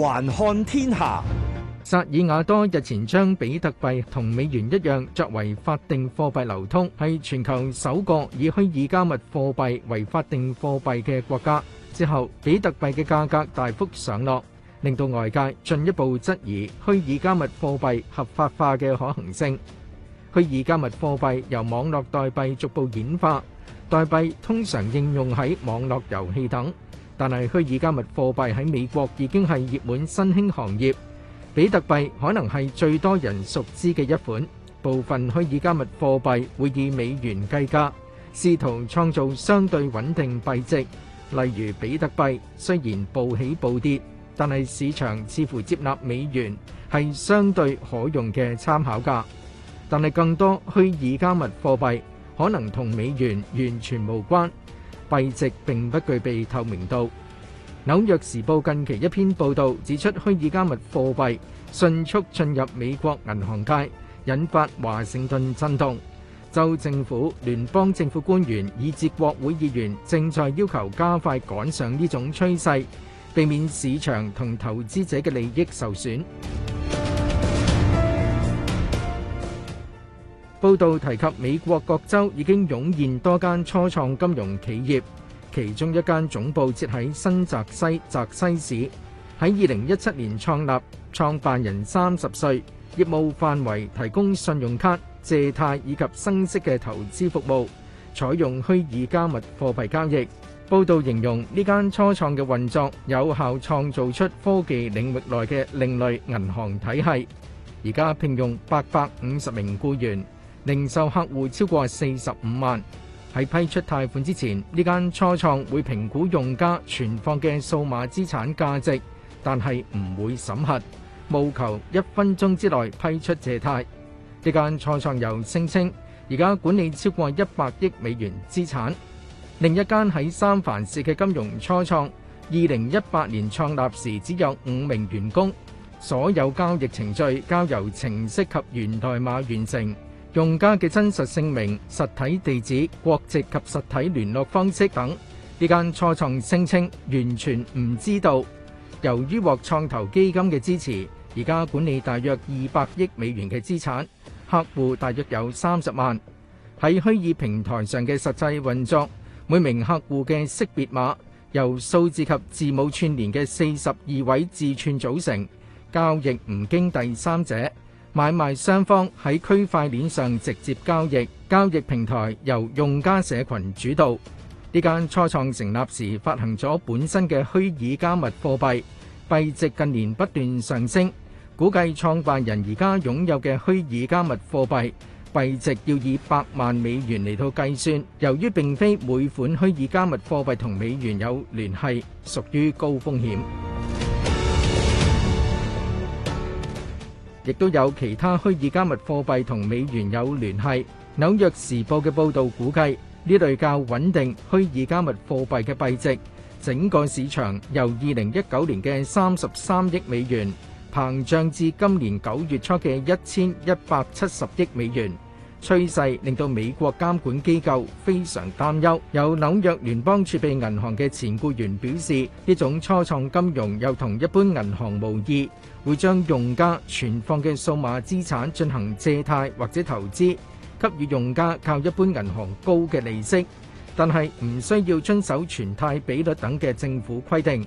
環看天下，薩爾瓦多日前將比特幣同美元一樣作為法定貨幣流通，係全球首個以虛擬加密貨幣為法定貨幣嘅國家。之後，比特幣嘅價格大幅上落，令到外界進一步質疑虛擬加密貨幣合法化嘅可行性。虛擬加密貨幣由網絡代幣逐步演化，代幣通常應用喺網絡遊戲等。但係虛擬加密貨幣喺美國已經係熱門新興行業，比特幣可能係最多人熟知嘅一款。部分虛擬加密貨幣會以美元計價，試圖創造相對穩定幣值。例如比特幣雖然暴起暴跌，但係市場似乎接納美元，係相對可用嘅參考價。但係更多虛擬加密貨幣可能同美元完全無關。幣值並不具備透明度。紐約時報近期一篇報導指出，虛擬加密貨幣迅速進入美國銀行界，引發華盛頓震動。州政府、聯邦政府官員以及國會議員正在要求加快趕上呢種趨勢，避免市場同投資者嘅利益受損。報道提及美國各州已經湧現多間初創金融企業，其中一間總部設喺新澤西澤西市，喺二零一七年創立，創辦人三十歲，業務範圍提供信用卡、借貸以及新式嘅投資服務，採用虛擬加密貨幣交易。報道形容呢間初創嘅運作有效創造出科技領域內嘅另類銀行體系，而家聘用八百五十名僱員。零售客戶超過四十五萬。喺批出貸款之前，呢間初創會評估用家存放嘅數碼資產價值，但係唔會審核，務求一分鐘之內批出借貸。呢間初創又聲稱，而家管理超過一百億美元資產。另一間喺三藩市嘅金融初創，二零一八年創立時只有五名員工，所有交易程序交由程式及源代碼完成。用家嘅真實姓名、實體地址、國籍及實體聯絡方式等，呢間初創聲稱完全唔知道。由於獲創投基金嘅支持，而家管理大約二百億美元嘅資產，客戶大約有三十萬。喺虛擬平台上嘅實際運作，每名客戶嘅識別碼由數字及字母串聯嘅四十二位字串組成，交易唔經第三者。買賣雙方喺區塊鏈上直接交易，交易平台由用家社群主導。呢間初創成立時發行咗本身嘅虛擬加密貨幣，幣值近年不斷上升。估計創辦人而家擁有嘅虛擬加密貨幣幣值要以百萬美元嚟到計算。由於並非每款虛擬加密貨幣同美元有聯繫，屬於高風險。亦都有其他虛擬加密貨幣同美元有聯繫。紐約時報嘅報道估計，呢類較穩定虛擬加密貨幣嘅幣值，整個市場由二零一九年嘅三十三億美元膨脹至今年九月初嘅一千一百七十億美元。趨勢令到美國監管機構非常擔憂。有紐約聯邦儲備銀行嘅前僱員表示，呢種初創金融又同一般銀行無異，會將用家存放嘅數碼資產進行借貸或者投資，給予用家較一般銀行高嘅利息，但係唔需要遵守存貸比率等嘅政府規定。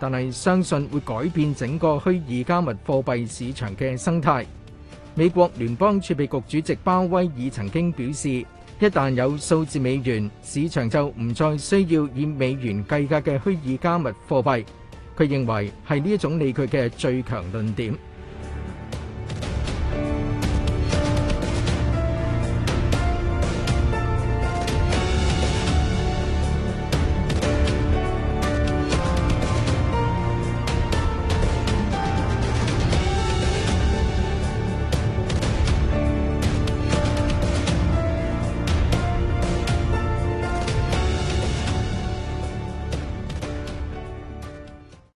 但係相信會改變整個虛擬加密貨幣市場嘅生態。美國聯邦儲備局主席鮑威爾曾經表示，一旦有數字美元，市場就唔再需要以美元計價嘅虛擬加密貨幣。佢認為係呢一種理據嘅最強論點。